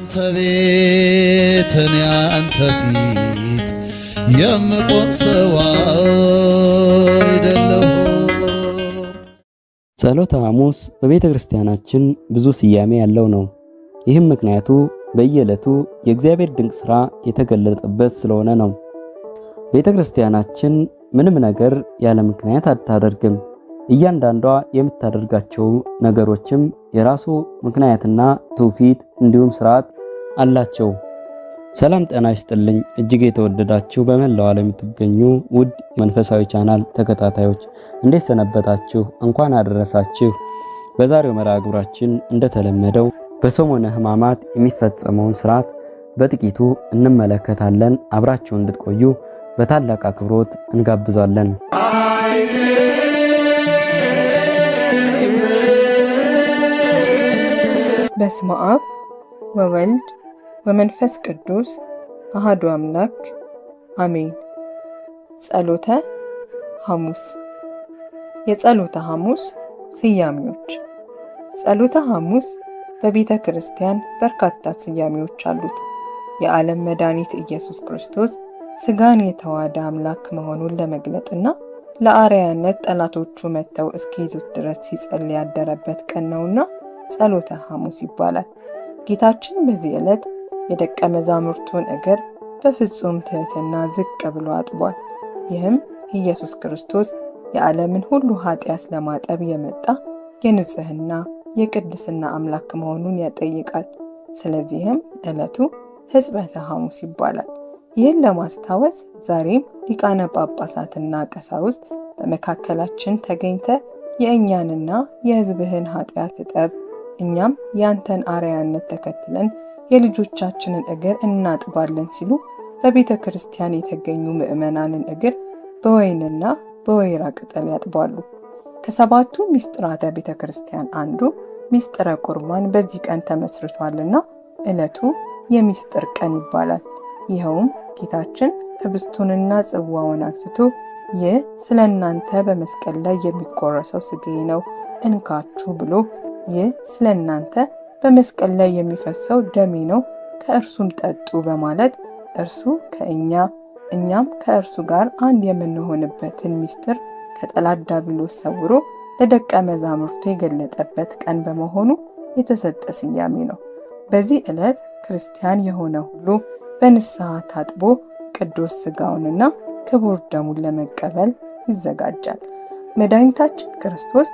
አንተ ቤት እኔ አንተ ፊት የምቆም ሰው አይደለሁ። ጸሎተ ሐሙስ በቤተ ክርስቲያናችን ብዙ ስያሜ ያለው ነው። ይህም ምክንያቱ በየዕለቱ የእግዚአብሔር ድንቅ ሥራ የተገለጠበት ስለሆነ ነው። ቤተ ክርስቲያናችን ምንም ነገር ያለ ምክንያት አታደርግም። እያንዳንዷ የምታደርጋቸው ነገሮችም የራሱ ምክንያትና ትውፊት እንዲሁም ስርዓት አላቸው። ሰላም ጤና ይስጥልኝ። እጅግ የተወደዳችሁ በመላው ዓለም የምትገኙ ውድ መንፈሳዊ ቻናል ተከታታዮች እንዴት ሰነበታችሁ? እንኳን አደረሳችሁ። በዛሬው መርሃ ግብራችን እንደተለመደው በሰሙነ ሕማማት የሚፈጸመውን ስርዓት በጥቂቱ እንመለከታለን። አብራችሁ እንድትቆዩ በታላቅ አክብሮት እንጋብዛለን። በስመ አብ ወወልድ ወመንፈስ ቅዱስ አሐዱ አምላክ አሜን። ጸሎተ ሐሙስ። የጸሎተ ሐሙስ ስያሜዎች። ጸሎተ ሐሙስ በቤተ ክርስቲያን በርካታ ስያሜዎች አሉት። የዓለም መድኃኒት ኢየሱስ ክርስቶስ ሥጋን የተዋደ አምላክ መሆኑን ለመግለጥና ለአርያነት ጠላቶቹ መጥተው እስኪይዙት ድረስ ሲጸልይ ያደረበት ቀን ነውና ጸሎተ ሐሙስ ይባላል። ጌታችን በዚህ ዕለት የደቀ መዛሙርቱን እግር በፍጹም ትህትና ዝቅ ብሎ አጥቧል። ይህም ኢየሱስ ክርስቶስ የዓለምን ሁሉ ኃጢአት ለማጠብ የመጣ የንጽህና የቅድስና አምላክ መሆኑን ያጠይቃል። ስለዚህም ዕለቱ ሕጽበተ ሐሙስ ይባላል። ይህን ለማስታወስ ዛሬም ሊቃነ ጳጳሳትና ቀሳውስት በመካከላችን ተገኝተ የእኛንና የሕዝብህን ኃጢአት እጠብ እኛም ያንተን አርያነት ተከትለን የልጆቻችንን እግር እናጥባለን ሲሉ በቤተ ክርስቲያን የተገኙ ምዕመናንን እግር በወይንና በወይራ ቅጠል ያጥባሉ። ከሰባቱ ሚስጥራተ ቤተ ክርስቲያን አንዱ ሚስጥረ ቁርባን በዚህ ቀን ተመስርቷልና ዕለቱ የሚስጥር ቀን ይባላል። ይኸውም ጌታችን ህብስቱንና ጽዋውን አንስቶ ይህ ስለ እናንተ በመስቀል ላይ የሚቆረሰው ስጋዬ ነው እንካችሁ ብሎ ይህ ስለ እናንተ በመስቀል ላይ የሚፈሰው ደሜ ነው፣ ከእርሱም ጠጡ በማለት እርሱ ከእኛ እኛም ከእርሱ ጋር አንድ የምንሆንበትን ምስጢር ከጠላት ዲያብሎስ ሰውሮ ለደቀ መዛሙርቱ የገለጠበት ቀን በመሆኑ የተሰጠ ስያሜ ነው። በዚህ ዕለት ክርስቲያን የሆነ ሁሉ በንስሐ ታጥቦ ቅዱስ ሥጋውንና ክቡር ደሙን ለመቀበል ይዘጋጃል። መድኃኒታችን ክርስቶስ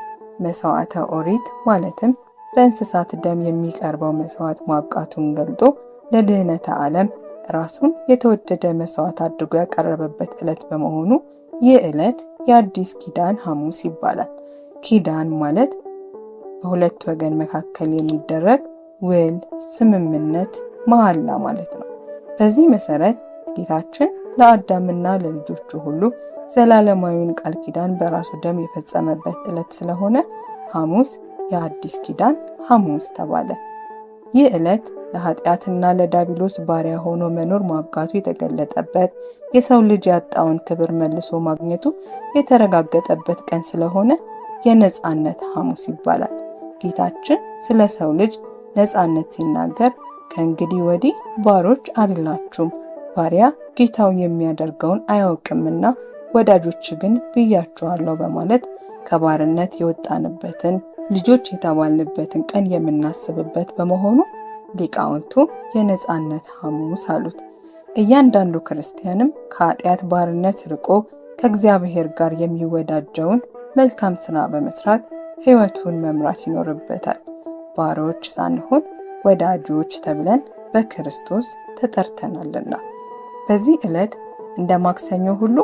መስዋዕተ ኦሪት ማለትም በእንስሳት ደም የሚቀርበው መስዋዕት ማብቃቱን ገልጦ ለድህነተ ዓለም ራሱን የተወደደ መስዋዕት አድርጎ ያቀረበበት ዕለት በመሆኑ ይህ ዕለት የአዲስ ኪዳን ሐሙስ ይባላል። ኪዳን ማለት በሁለት ወገን መካከል የሚደረግ ውል፣ ስምምነት፣ መሐላ ማለት ነው። በዚህ መሰረት ጌታችን ለአዳምና ለልጆቹ ሁሉ ዘላለማዊን ቃል ኪዳን በራሱ ደም የፈጸመበት ዕለት ስለሆነ ሐሙስ የአዲስ ኪዳን ሐሙስ ተባለ። ይህ ዕለት ለኃጢአትና ለዳቢሎስ ባሪያ ሆኖ መኖር ማብቃቱ የተገለጠበት፣ የሰው ልጅ ያጣውን ክብር መልሶ ማግኘቱ የተረጋገጠበት ቀን ስለሆነ የነፃነት ሐሙስ ይባላል። ጌታችን ስለ ሰው ልጅ ነፃነት ሲናገር ከእንግዲህ ወዲህ ባሮች አይደላችሁም ባሪያ ጌታው የሚያደርገውን አያውቅምና ወዳጆች ግን ብያችኋለሁ በማለት ከባርነት የወጣንበትን ልጆች የተባልንበትን ቀን የምናስብበት በመሆኑ ሊቃውንቱ የነፃነት ሐሙስ አሉት። እያንዳንዱ ክርስቲያንም ከኃጢአት ባርነት ርቆ ከእግዚአብሔር ጋር የሚወዳጀውን መልካም ስራ በመስራት ሕይወቱን መምራት ይኖርበታል። ባሮች ሳንሆን ወዳጆች ተብለን በክርስቶስ ተጠርተናልና። በዚህ ዕለት እንደ ማክሰኞ ሁሉ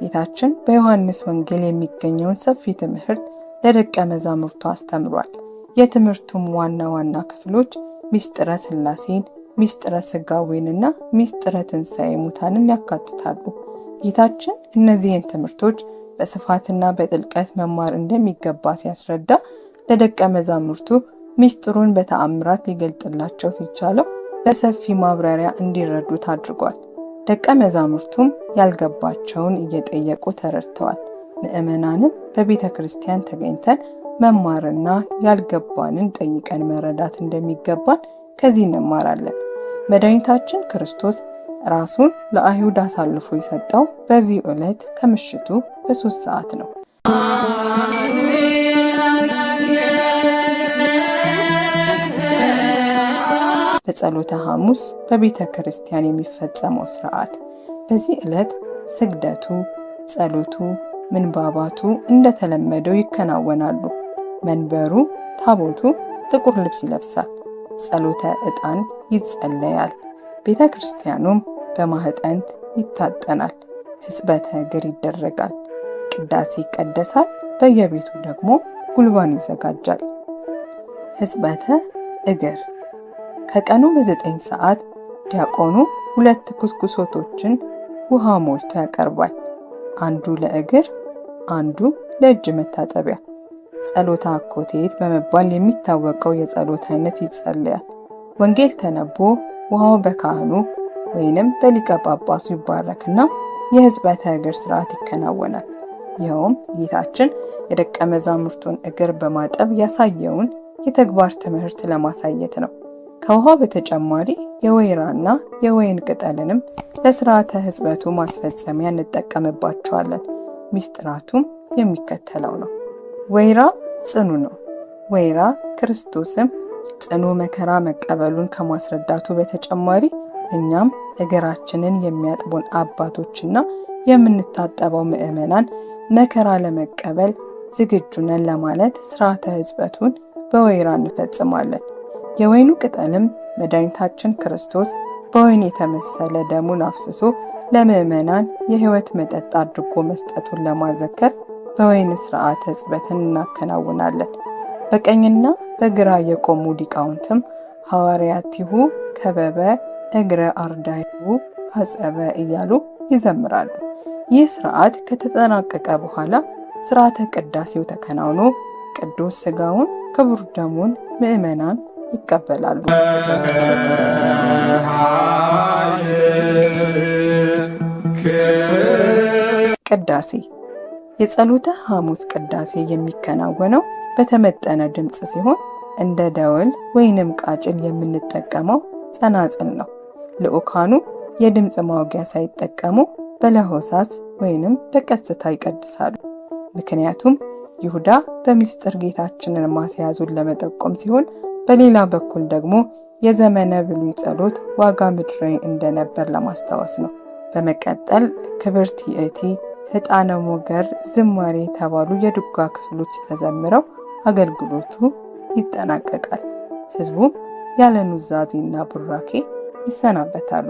ጌታችን በዮሐንስ ወንጌል የሚገኘውን ሰፊ ትምህርት ለደቀ መዛሙርቱ አስተምሯል። የትምህርቱም ዋና ዋና ክፍሎች ሚስጥረ ሥላሴን፣ ሚስጥረ ሥጋዌንና ሚስጥረ ትንሣኤ ሙታንን ያካትታሉ። ጌታችን እነዚህን ትምህርቶች በስፋትና በጥልቀት መማር እንደሚገባ ሲያስረዳ ለደቀ መዛሙርቱ ሚስጥሩን በተአምራት ሊገልጥላቸው ሲቻለው በሰፊ ማብራሪያ እንዲረዱት አድርጓል። ደቀ መዛሙርቱም ያልገባቸውን እየጠየቁ ተረድተዋል። ምእመናንም በቤተ ክርስቲያን ተገኝተን መማርና ያልገባንን ጠይቀን መረዳት እንደሚገባን ከዚህ እንማራለን። መድኃኒታችን ክርስቶስ ራሱን ለአይሁድ አሳልፎ የሰጠው በዚህ ዕለት ከምሽቱ በሶስት ሰዓት ነው። የጸሎተ ሐሙስ በቤተ ክርስቲያን የሚፈጸመው ስርዓት። በዚህ ዕለት ስግደቱ፣ ጸሎቱ፣ ምንባባቱ እንደተለመደው ይከናወናሉ። መንበሩ፣ ታቦቱ ጥቁር ልብስ ይለብሳል። ጸሎተ ዕጣን ይጸለያል። ቤተ ክርስቲያኑም በማህጠንት ይታጠናል። ሕጽበተ እግር ይደረጋል። ቅዳሴ ይቀደሳል። በየቤቱ ደግሞ ጉልባን ይዘጋጃል። ሕጽበተ እግር ከቀኑ በዘጠኝ ሰዓት ዲያቆኑ ሁለት ኩስኩሶቶችን ውሃ ሞልቶ ያቀርባል። አንዱ ለእግር አንዱ ለእጅ መታጠቢያ። ጸሎተ አኮቴት በመባል የሚታወቀው የጸሎት አይነት ይጸለያል። ወንጌል ተነቦ ውሃው በካህኑ ወይንም በሊቀ ጳጳሱ ይባረክና የሕዝበተ እግር ስርዓት ይከናወናል። ይኸውም ጌታችን የደቀ መዛሙርቱን እግር በማጠብ ያሳየውን የተግባር ትምህርት ለማሳየት ነው። ከውሃ በተጨማሪ የወይራና የወይን ቅጠልንም ለስርዓተ ህዝበቱ ማስፈጸሚያ እንጠቀምባቸዋለን። ሚስጥራቱም የሚከተለው ነው። ወይራ ጽኑ ነው። ወይራ ክርስቶስም ጽኑ መከራ መቀበሉን ከማስረዳቱ በተጨማሪ እኛም እግራችንን የሚያጥቡን አባቶችና የምንታጠበው ምዕመናን መከራ ለመቀበል ዝግጁ ነን ለማለት ስርዓተ ህጽበቱን በወይራ እንፈጽማለን። የወይኑ ቅጠልም መድኃኒታችን ክርስቶስ በወይን የተመሰለ ደሙን አፍስሶ ለምዕመናን የሕይወት መጠጥ አድርጎ መስጠቱን ለማዘከር በወይን ሥርዓተ ሕጽበትን እናከናውናለን። በቀኝና በግራ የቆሙ ሊቃውንትም ሐዋርያቲሁ ከበበ እግረ አርዳይሁ አጸበ እያሉ ይዘምራሉ። ይህ ሥርዓት ከተጠናቀቀ በኋላ ሥርዓተ ቅዳሴው ተከናውኖ ቅዱስ ሥጋውን ክቡር ደሙን ምዕመናን ይቀበላሉ። ቅዳሴ የጸሎተ ሐሙስ ቅዳሴ የሚከናወነው በተመጠነ ድምፅ ሲሆን እንደ ደወል ወይንም ቃጭል የምንጠቀመው ጸናጽል ነው። ልኡካኑ የድምፅ ማውጊያ ሳይጠቀሙ በለሆሳስ ወይንም በቀስታ ይቀድሳሉ። ምክንያቱም ይሁዳ በምስጢር ጌታችንን ማስያዙን ለመጠቆም ሲሆን በሌላ በኩል ደግሞ የዘመነ ብሉይ ጸሎት ዋጋ ምድራዊ እንደነበር ለማስታወስ ነው። በመቀጠል ክብርት ይእቲ፣ ህጣነ ሞገር፣ ዝማሬ የተባሉ የድጓ ክፍሎች ተዘምረው አገልግሎቱ ይጠናቀቃል። ህዝቡ ያለ ኑዛዜና ቡራኬ ይሰናበታሉ።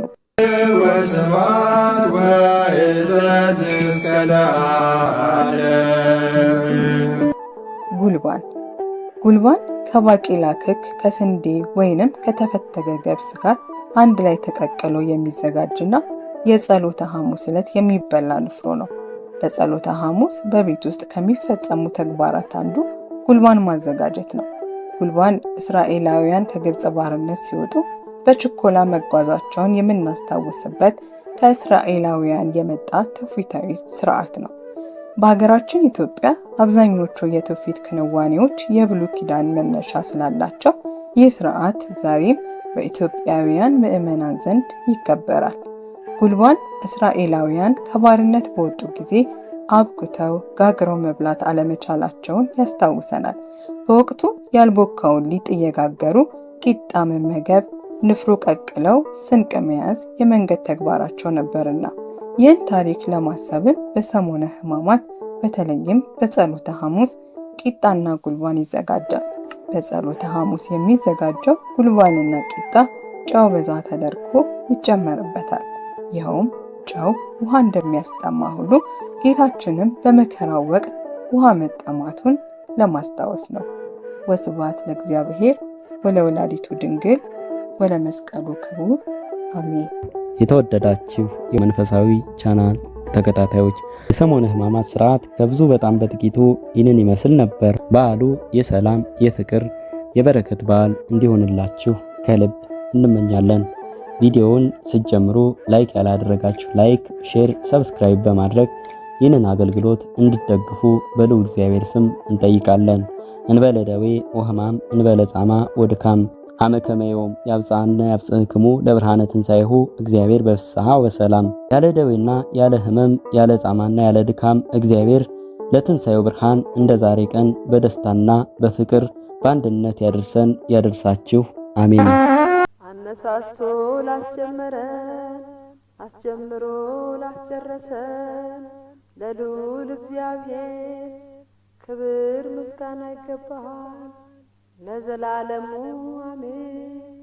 ጉልባን ጉልባን ከባቄላ ክክ ከስንዴ ወይንም ከተፈተገ ገብስ ጋር አንድ ላይ ተቀቅሎ የሚዘጋጅና የጸሎተ ሐሙስ ዕለት የሚበላ ንፍሮ ነው። በጸሎተ ሐሙስ በቤት ውስጥ ከሚፈጸሙ ተግባራት አንዱ ጉልባን ማዘጋጀት ነው። ጉልባን እስራኤላውያን ከግብፅ ባርነት ሲወጡ በችኮላ መጓዛቸውን የምናስታውስበት ከእስራኤላውያን የመጣ ትውፊታዊ ስርዓት ነው። በሀገራችን ኢትዮጵያ አብዛኞቹ የትውፊት ክንዋኔዎች የብሉይ ኪዳን መነሻ ስላላቸው ይህ ስርዓት ዛሬም በኢትዮጵያውያን ምዕመናን ዘንድ ይከበራል። ጉልባን እስራኤላውያን ከባርነት በወጡ ጊዜ አብኩተው ጋግረው መብላት አለመቻላቸውን ያስታውሰናል። በወቅቱ ያልቦካውን ሊጥ እየጋገሩ ቂጣ መመገብ፣ ንፍሮ ቀቅለው ስንቅ መያዝ የመንገድ ተግባራቸው ነበርና ይህን ታሪክ ለማሰብም በሰሞነ ህማማት በተለይም በጸሎተ ሐሙስ ቂጣና ጉልባን ይዘጋጃል። በጸሎተ ሐሙስ የሚዘጋጀው ጉልባንና ቂጣ ጨው በዛ ተደርጎ ይጨመርበታል። ይኸውም ጨው ውሃ እንደሚያስጠማ ሁሉ ጌታችንም በመከራው ወቅት ውሃ መጠማቱን ለማስታወስ ነው። ወስብሐት ለእግዚአብሔር ወለወላዲቱ ድንግል ወለመስቀሉ ክቡር አሜን። የተወደዳችሁ የመንፈሳዊ ቻናል ተከታታዮች የሰሞነ ሕማማት ስርዓት ከብዙ በጣም በጥቂቱ ይህንን ይመስል ነበር። በዓሉ የሰላም የፍቅር፣ የበረከት በዓል እንዲሆንላችሁ ከልብ እንመኛለን። ቪዲዮውን ስትጀምሩ ላይክ ያላደረጋችሁ ላይክ፣ ሼር፣ ሰብስክራይብ በማድረግ ይህንን አገልግሎት እንድትደግፉ በልዑል እግዚአብሔር ስም እንጠይቃለን። እንበለ ደዌ ወሕማም እንበለ ጻማ ወድካም አመከመየውም ያብጽሐና ያብጽሕክሙ ለብርሃነ ትንሣኤሁ እግዚአብሔር በፍስሐ ወሰላም። ያለ ደዌና ያለ ህመም ያለ ጻማና ያለ ድካም እግዚአብሔር ለትንሣኤው ብርሃን እንደ ዛሬ ቀን በደስታና በፍቅር በአንድነት ያደርሰን ያደርሳችሁ፣ አሜን። አነሳስቶ ላስጀመረን አስጀምሮ ላስጨረሰን ለልዑል እግዚአብሔር ክብር ምስጋና ይገባል። ለዘላለሙ አሜን።